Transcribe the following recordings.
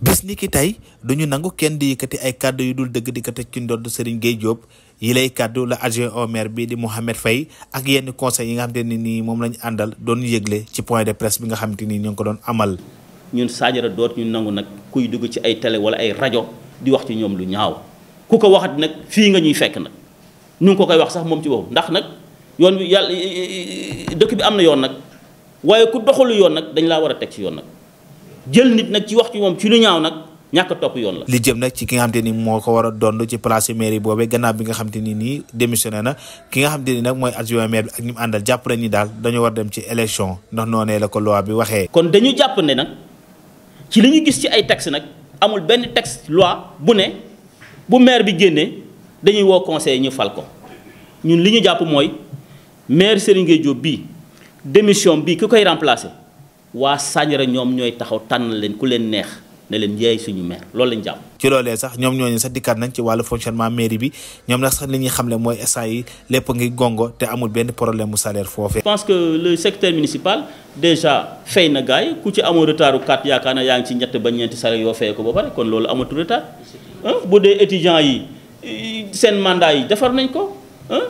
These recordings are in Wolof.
bis ni ki tey duñu nangu kenn di yëkkati ay kàddu yu dul dëgg di ko teg ci ndodd Serigne Gueye Diop yi lay kàddu la adjoint au maire bi di Mouhamed Faye ak yenn conseil yi nga xamante ne nii moom lañu àndal doon yëgle ci point de presse bi nga xam xamante ni ñu ngi ko doon amal. ñun Sadio doot ñu nangu nag kuy dugg ci ay télé wala ay rajo di wax ci ñoom lu ñaaw ku ko waxat nag fii nga ñuy fekk nag ñu ngi ko koy wax sax moom ci boppam ndax nag yoon bi yàlla dëkk bi am na yoon nag waaye ku doxalu yoon nag dañ laa war a teg ci yoon nag. jël nit nag ci wax ci moom ci lu ñaaw nag ñàkk topp yoon la. li jëm nag ci ki nga xamante ni moo ko war a dond ci place mairie boobee gannaaw bi nga xamante ni nii démissionné na ki nga xamante ni nag mooy adjoint maire bi ak ñi àndal jàpp nañ ni daal dañu war dem ci élection ndax noonee la ko loi bi waxee. kon dañu jàpp ne nag ci li ñu gis ci ay texte nag amul benn texte loi bu ne bu maire bi génnee dañuy woo conseil ñu fal ko ñun li ñu jàpp mooy maire Serigne Gueye Diop démission bii ki koy remplacer. waa Sandiara ñoom ñooy taxaw tànn leen ku leen neex ne leen yaay suñu maire loolu lañ jàpp. ci loolee sax ñoom ñooñu sax dikkaat nañ ci wàllu fonctionnement mairie bi ñoom nag sax li ñuy xamle mooy instant yi lépp ngi gongo te amul benn problème mu salaire foofee. je pense que le secteur municipal déjà fay na gars yi ku ci amoo retard u kat yaakaar na yaa ngi ci ñett ba ñeenti salaire yoo fayee ko ba pare kon loolu amatul retard bu dee étudiants yi seen mandat yi defar nañ ko. ah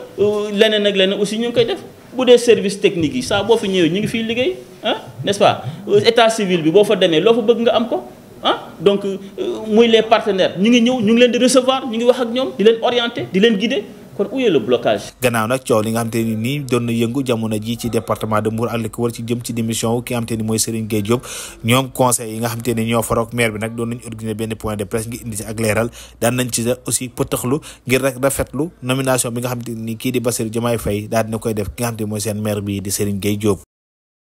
leneen ak leneen aussi ñu ngi koy def bu dee service technique yi saa boo fi ñëwee ñu ngi fiy liggéey ah n'est-ce pas euh, état civil bi boo fa demee loo fa bëgg nga am ko ah donc euh, muy les partenaire ñu ngi ñëw ñu ngi leen di recevoir ñu ngi wax ak ñoom di leen orienter di leen guider. kon où est le blocage. gannaaw nag coow li nga xam te ni nii doon na yëngu jamono ji ci département de Mbour ak li ko war ci jëm ci démission wu ki nga xam ni mooy Serigne Gueye Diop ñoom conseil yi nga xam ni ñoo faroog maire bi nag doon nañ organiser benn point de presse ngir indi si ak leeral daan nañ ci aussi pëtëxlu ngir rek rafetlu nomination bi nga xam te ni kii di Bassirou Diomaye Faye daal dina koy def ki nga xam ni mooy seen maire bi di Serigne